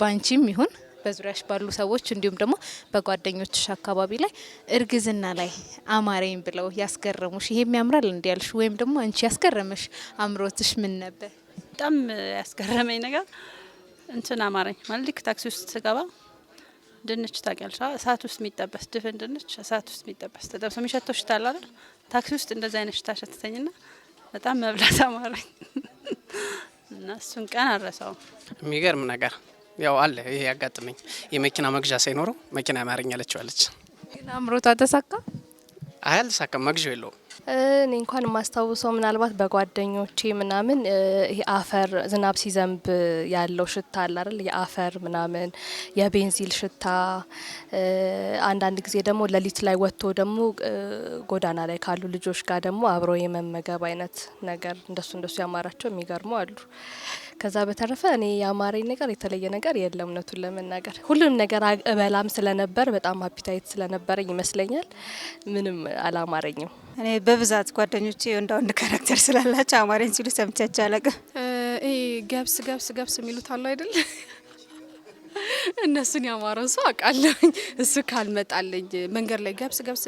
ባንቺም ይሁን በዙሪያሽ ባሉ ሰዎች እንዲሁም ደግሞ በጓደኞችሽ አካባቢ ላይ እርግዝና ላይ አማረኝ ብለው ያስገረሙሽ ይሄም ያምራል እንዲህ ያልሽ ወይም ደግሞ አንቺ ያስገረመሽ አምሮትሽ ምን ነበር? በጣም ያስገረመኝ ነገር እንትን አማረኝ ማለት ልክ ታክሲ ውስጥ ስገባ ድንች ታውቂያለሽ፣ እሳት ውስጥ የሚጠበስ ድፍን ድንች እሳት ውስጥ የሚጠበስ ተጠብሶ የሚሸተው ሽታ አለ አይደል? ታክሲ ውስጥ እንደዚህ አይነት ሽታ ሸተተኝና በጣም መብላት አማረኝ እና እሱን ቀን አልረሳውም። የሚገርም ነገር ያው አለ ይሄ ያጋጥመኝ የመኪና መግዣ ሳይኖረው መኪና ያማረኝ ዋለች። ግን አምሮታ ተሳካ? አይ አልተሳካም፣ መግዣው የለውም እኔ እንኳን የማስታውሰው ምናልባት በጓደኞቼ ምናምን ይሄ አፈር ዝናብ ሲዘንብ ያለው ሽታ አለ አይደል? የአፈር ምናምን የቤንዚል ሽታ፣ አንዳንድ ጊዜ ደግሞ ሌሊት ላይ ወጥቶ ደግሞ ጎዳና ላይ ካሉ ልጆች ጋር ደግሞ አብሮ የመመገብ አይነት ነገር እንደሱ እንደሱ ያማራቸው የሚገርሙ አሉ። ከዛ በተረፈ እኔ ያማረኝ ነገር የተለየ ነገር የለም። እውነቱን ለመናገር ሁሉንም ነገር እበላም ስለነበር በጣም አፒታይት ስለነበረኝ ይመስለኛል ምንም አላማረኝም። እኔ በብዛት ጓደኞቼ ወንዳ ወንድ ካራክተር ስላላቸው አማርያን ሲሉ ሰምቻቸው አለቀ። ገብስ ገብስ ገብስ የሚሉት አሉ አይደል? እነሱን ያማረው ሰው አውቃለሁኝ። እሱ ካልመጣለኝ መንገድ ላይ ገብስ ገብስ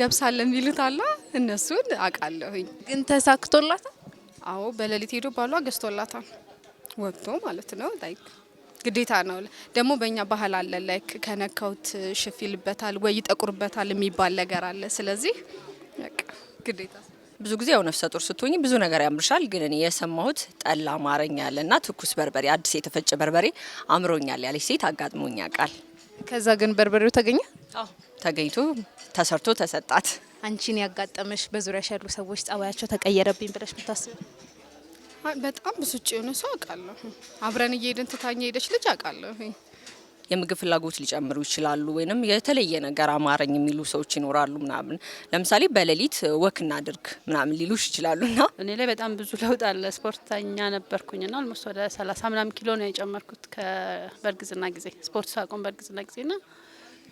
ገብስ አለ የሚሉት አለ። እነሱን አውቃለሁኝ። ግን ተሳክቶላታል? አዎ፣ በሌሊት ሄዶ ባሏ ገዝቶላታል። ወጥቶ ማለት ነው ላይክ ግዴታ ነው ደግሞ በእኛ ባህል አለ ላይክ ከነካውት ሽፍ ይልበታል ወይ ይጠቁርበታል የሚባል ነገር አለ። ስለዚህ ግዴታ ብዙ ጊዜ ያው ነፍሰ ጡር ስትሆኝ ብዙ ነገር ያምርሻል። ግን እኔ የሰማሁት ጠላ አማረኛል እና ትኩስ በርበሬ፣ አዲስ የተፈጨ በርበሬ አምሮኛል ያለች ሴት አጋጥሞኝ ያውቃል። ከዛ ግን በርበሬው ተገኘ? አዎ ተገኝቶ ተሰርቶ ተሰጣት። አንቺን ያጋጠመሽ በዙሪያ ያሉ ሰዎች ጸባያቸው ተቀየረብኝ ብለሽ ምታስብ? በጣም ብስጭ የሆነ ሰው አውቃለሁ። አብረን እየሄድን ትታኛ ሄደች ልጅ አውቃለሁ። የምግብ ፍላጎት ሊጨምሩ ይችላሉ፣ ወይም የተለየ ነገር አማረኝ የሚሉ ሰዎች ይኖራሉ ምናምን። ለምሳሌ በሌሊት ወክ እናድርግ ምናምን ሊሉሽ ይችላሉ። ና እኔ ላይ በጣም ብዙ ለውጥ አለ። ስፖርተኛ ነበርኩኝ ና አልሞስት ወደ ሰላሳ ምናምን ኪሎ ነው የጨመርኩት በእርግዝና ጊዜ ስፖርት ሳቆም በእርግዝና ጊዜ ና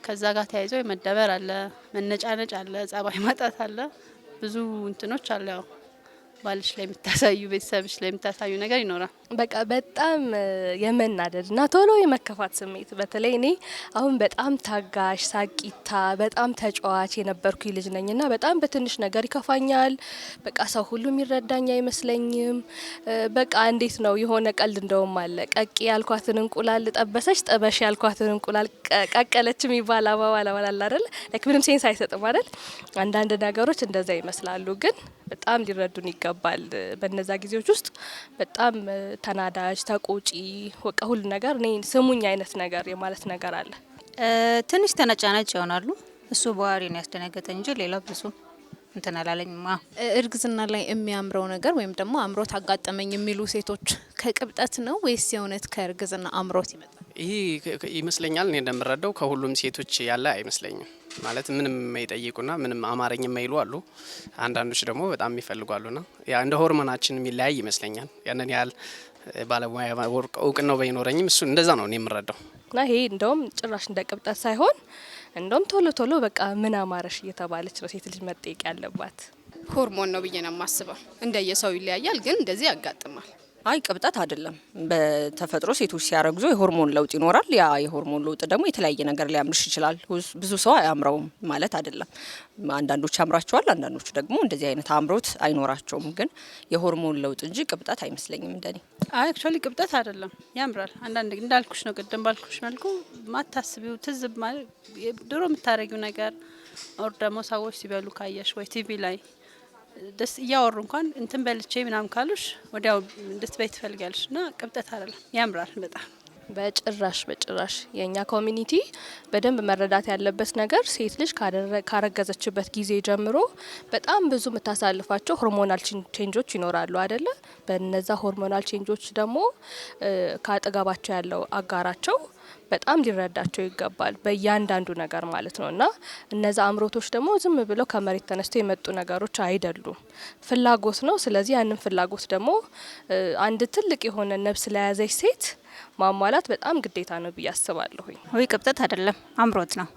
ከዛ ጋር ተያይዘው የመደበር አለ፣ መነጫነጭ አለ፣ ጸባይ ማጣት አለ፣ ብዙ እንትኖች አለ ያው ባልሽ ላይ የምታሳዩ ቤተሰብሽ ላይ የምታሳዩ ነገር ይኖራል። በቃ በጣም የመናደድ እና ቶሎ የመከፋት ስሜት በተለይ እኔ አሁን በጣም ታጋሽ ሳቂታ፣ በጣም ተጫዋች የነበርኩ ልጅ ነኝ እና በጣም በትንሽ ነገር ይከፋኛል። በቃ ሰው ሁሉም ይረዳኝ አይመስለኝም። በቃ እንዴት ነው የሆነ ቀልድ እንደውም አለ ቀቂ ያልኳትን እንቁላል ጠበሰች፣ ጠበሽ ያልኳትን እንቁላል ቀቀለች የሚባል አባባል አባል አለ አይደል? ምንም ሴንስ አይሰጥም አይደል? አንዳንድ ነገሮች እንደዛ ይመስላሉ ግን በጣም ሊረዱን ይገባል። በነዛ ጊዜዎች ውስጥ በጣም ተናዳጅ፣ ተቆጪ ወቃ ሁሉ ነገር እኔ ስሙኝ አይነት ነገር የማለት ነገር አለ። ትንሽ ተነጫነጭ ይሆናሉ። እሱ ባህሪ ነው ያስደነገጠኝ እንጂ ሌላ ብዙ እንትን አላለኝም። እርግዝና ላይ የሚያምረው ነገር ወይም ደግሞ አምሮት አጋጠመኝ የሚሉ ሴቶች ከቅብጠት ነው ወይስ የእውነት ከእርግዝና አምሮት ይመጣል? ይህ ይመስለኛል እኔ እንደምረዳው ከሁሉም ሴቶች ያለ አይመስለኝም። ማለት ምንም የማይጠይቁና ምንም አማረኝ የማይሉ አሉ። አንዳንዶች ደግሞ በጣም ይፈልጓሉና ያ እንደ ሆርሞናችን የሚለያይ ይመስለኛል። ያንን ያህል ባለሙያ እውቅናው ባይኖረኝም እሱ እንደዛ ነው እኔ የምረዳው። እና ይሄ እንደውም ጭራሽ እንደ ቅብጠት ሳይሆን እንደውም ቶሎ ቶሎ በቃ ምን አማረሽ እየተባለች ነው ሴት ልጅ መጠየቅ ያለባት። ሆርሞን ነው ብዬ ነው የማስበው። እንደየሰው ይለያያል፣ ግን እንደዚህ ያጋጥማል። አይ ቅብጠት አይደለም። በተፈጥሮ ሴቶች ሲያረግዙ የሆርሞን ለውጥ ይኖራል። ያ የሆርሞን ለውጥ ደግሞ የተለያየ ነገር ሊያምርሽ ይችላል። ብዙ ሰው አያምረውም ማለት አይደለም። አንዳንዶች ያምራቸዋል፣ አንዳንዶቹ ደግሞ እንደዚህ አይነት አምሮት አይኖራቸውም። ግን የሆርሞን ለውጥ እንጂ ቅብጠት አይመስለኝም እንደኔ። አይ አክቹዋሊ ቅብጠት አይደለም፣ ያምራል። አንዳንድ እንዳልኩሽ ነው፣ ቅድም ባልኩሽ መልኩ ማታስቢው ትዝብ ድሮ የምታረጊው ነገር ኦር ደግሞ ሰዎች ሲበሉ ካየሽ ወይ ቲቪ ላይ ደስ እያወሩ እንኳን እንትን በልቼ ምናምን ካሉሽ ወዲያው እንድትበይ ትፈልጋለሽ። እና ቅብጠት አይደለም ያምራል በጣም በጭራሽ በጭራሽ። የእኛ ኮሚኒቲ በደንብ መረዳት ያለበት ነገር ሴት ልጅ ካረገዘችበት ጊዜ ጀምሮ በጣም ብዙ የምታሳልፋቸው ሆርሞናል ቼንጆች ይኖራሉ አይደለ? በነዛ ሆርሞናል ቼንጆች ደግሞ ከአጠገባቸው ያለው አጋራቸው በጣም ሊረዳቸው ይገባል፣ በእያንዳንዱ ነገር ማለት ነው። እና እነዛ አምሮቶች ደግሞ ዝም ብለው ከመሬት ተነስተው የመጡ ነገሮች አይደሉም፣ ፍላጎት ነው። ስለዚህ ያንን ፍላጎት ደግሞ አንድ ትልቅ የሆነ ነብስ ለያዘች ሴት ማሟላት በጣም ግዴታ ነው ብዬ አስባለሁኝ። ወይ ቅብጠት አይደለም፣ አምሮት ነው።